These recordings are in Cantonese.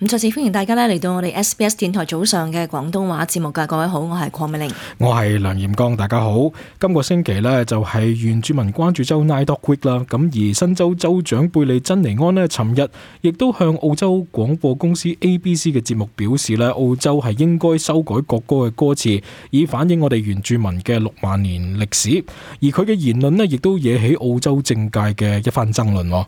咁再次歡迎大家咧嚟,到我哋 SBS 電台早上嘅廣東話節目噶，各位好，我係鄺美玲，我係梁炎剛，大家好。今個星期呢，就係原住民關注週 NAIDOC Week 啦，咁而新州州長貝莉珍妮安呢，尋日亦都向澳洲廣播公司 ABC 嘅節目表示呢，澳洲係應該修改國歌嘅歌詞，以反映我哋原住民嘅六萬年歷史，而佢嘅言論呢，亦都惹起澳洲政界嘅一番爭論。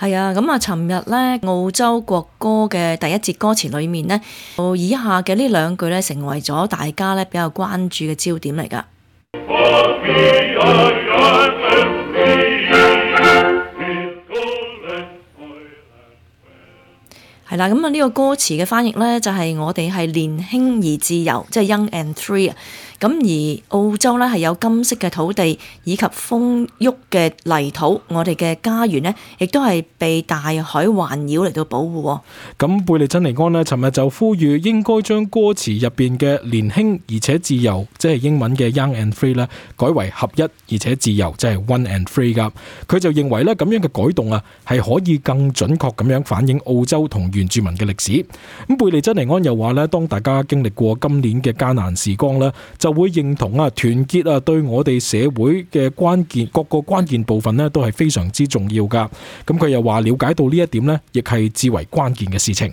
係啊，咁啊，尋日咧澳洲國歌嘅第一節歌詞裏面咧，以下嘅呢兩句咧，成為咗大家咧比較關注嘅焦點嚟噶。嗱，咁啊，呢個歌詞嘅翻譯咧，就係、是、我哋係年輕而自由，即、就、係、是、young and free 啊。咁而澳洲咧係有金色嘅土地以及豐沃嘅泥土，我哋嘅家園咧，亦都係被大海環繞嚟到保護。咁貝利珍尼安咧，尋日就呼籲應該將歌詞入邊嘅年輕而且自由，即係、就是、英文嘅 young and free 咧，改為合一而且自由，即係、就是、one and free 噶。佢就認為咧，咁樣嘅改動啊，係可以更準確咁樣反映澳洲同原。住民嘅歷史，咁貝莉珍妮安又話咧，當大家經歷過今年嘅艱難時光咧，就會認同啊團結啊對我哋社會嘅關鍵各個關鍵部分呢都係非常之重要噶。咁佢又話了解到呢一點呢，亦係至為關鍵嘅事情。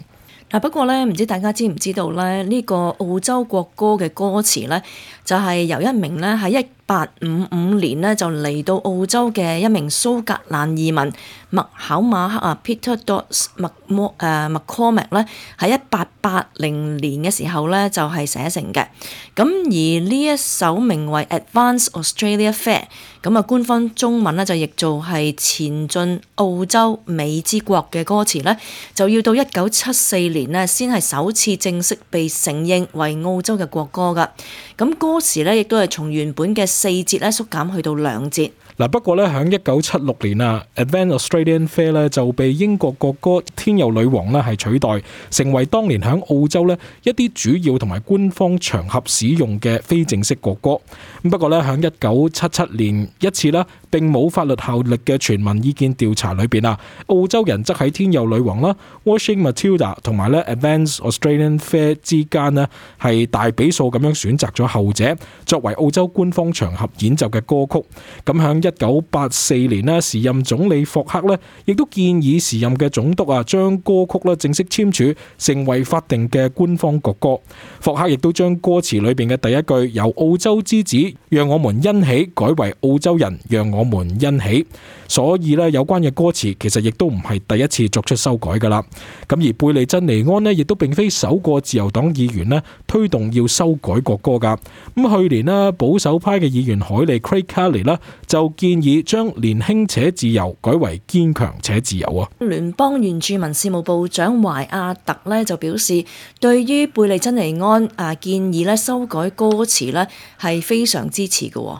嗱，不過呢，唔知大家知唔知道呢，呢個澳洲國歌嘅歌詞呢，就係由一名呢喺一八五五年呢，就嚟到澳洲嘅一名蘇格蘭移民麥考馬克啊 Peter Dot Mac 摩誒 m 科 c 咧喺一八八零年嘅時候咧就係寫成嘅，咁而呢一首名為 Advance Australia Fair》咁啊官方中文咧就譯做係《前進澳洲美之國》嘅歌詞咧，就要到一九七四年咧先係首次正式被承認為澳洲嘅國歌噶，咁歌詞咧亦都係從原本嘅。四節咧，縮減去到兩節。嗱，不過咧，喺一九七六年啊，Advance Australia Fair 咧就被英國國歌《天佑女王》咧係取代，成為當年喺澳洲咧一啲主要同埋官方場合使用嘅非正式國歌。咁不過咧，喺一九七七年一次並冇法律效力嘅全民意見調查裏面，啊，澳洲人則喺天佑女王啦、Waltzing Matilda 同埋咧 Advance Australia Fair 之間咧，係大比數咁樣選擇咗後者作為澳洲官方場合演奏嘅歌曲。咁喺一九八四年呢，時任總理霍克呢，亦都建議時任嘅總督啊，將歌曲啦正式簽署成為法定嘅官方國歌。霍克亦都將歌詞裏邊嘅第一句由澳洲之子讓我們欣喜，改為澳洲人讓我我們欣喜，所以咧有關嘅歌詞其實亦都唔係第一次作出修改噶啦。咁而貝利珍尼安呢，亦都並非首個自由黨議員呢推動要修改國歌噶。咁去年咧，保守派嘅議員海利 Craig Kelly 咧就建議將年輕且自由改為堅強且自由啊。聯邦原住民事務部長懷亞特呢就表示，對於貝利珍尼安啊建議咧修改歌詞呢，係非常支持嘅。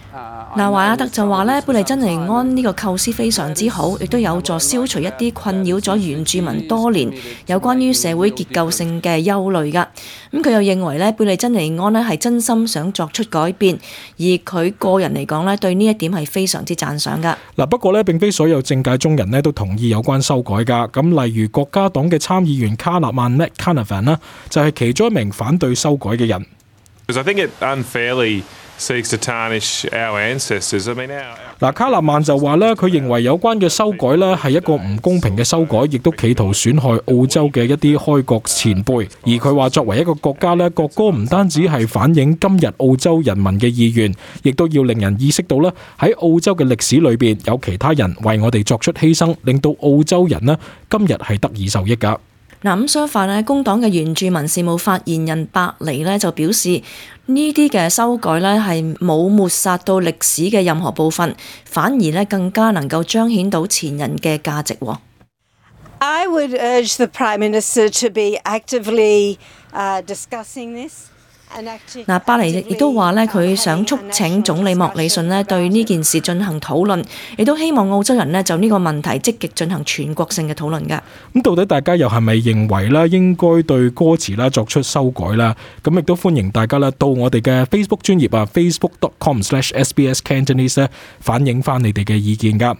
嗱、啊，華亞德就話呢，貝莉珍妮安呢個構思非常之好，亦都有助消除一啲困擾咗原住民多年有關於社會結構性嘅憂慮噶。咁、嗯、佢又認為咧，貝莉珍妮安咧係真心想作出改變，而佢個人嚟講呢對呢一點係非常之讚賞噶。嗱、啊，不過呢並非所有政界中人咧都同意有關修改噶。咁例如國家黨嘅參議員卡納萬 ·Matt Canavan 呢，就係、是、其中一名反對修改嘅人。seeks to tarnish our ancestors. I mean, 啊，嗱，卡納曼就話咧，佢認為有關嘅修改咧係一個唔公平嘅修改，亦都企圖損害澳洲嘅一啲開國前輩。而佢話作為一個國家咧，國歌唔單止係反映今日澳洲人民嘅意願，亦都要令人意識到咧，喺澳洲嘅歷史裏邊有其他人為我哋作出犧牲，令到澳洲人呢今日係得以受益㗎。嗱，咁相反呢，工黨嘅原住民事務發言人伯尼呢就表示，呢啲嘅修改呢係冇抹殺到歷史嘅任何部分，反而呢更加能夠彰顯到前人嘅價值。I would urge the Prime 嗱，巴黎亦都話咧，佢想促請總理莫里遜咧，對呢件事進行討論，亦都希望澳洲人咧就呢個問題積極進行全國性嘅討論噶。咁到底大家又係咪認為咧，應該對歌詞啦作出修改啦？咁亦都歡迎大家咧到我哋嘅 Facebook 專頁啊，facebook.com/sbscantonese 咧反映返你哋嘅意見噶。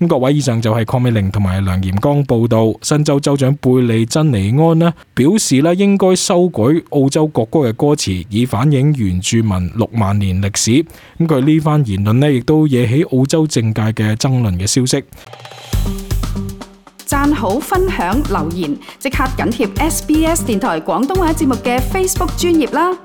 咁各位以上就係鄺美玲同埋梁炎剛報道，新州州長貝莉珍妮安咧表示咧，應該修改澳洲國歌嘅歌詞。以反映原住民六萬年歷史，咁佢呢番言論咧，亦都惹起澳洲政界嘅爭論嘅消息。贊好、分享、留言，即刻緊貼 SBS 電台廣東話節目嘅 Facebook 專頁啦！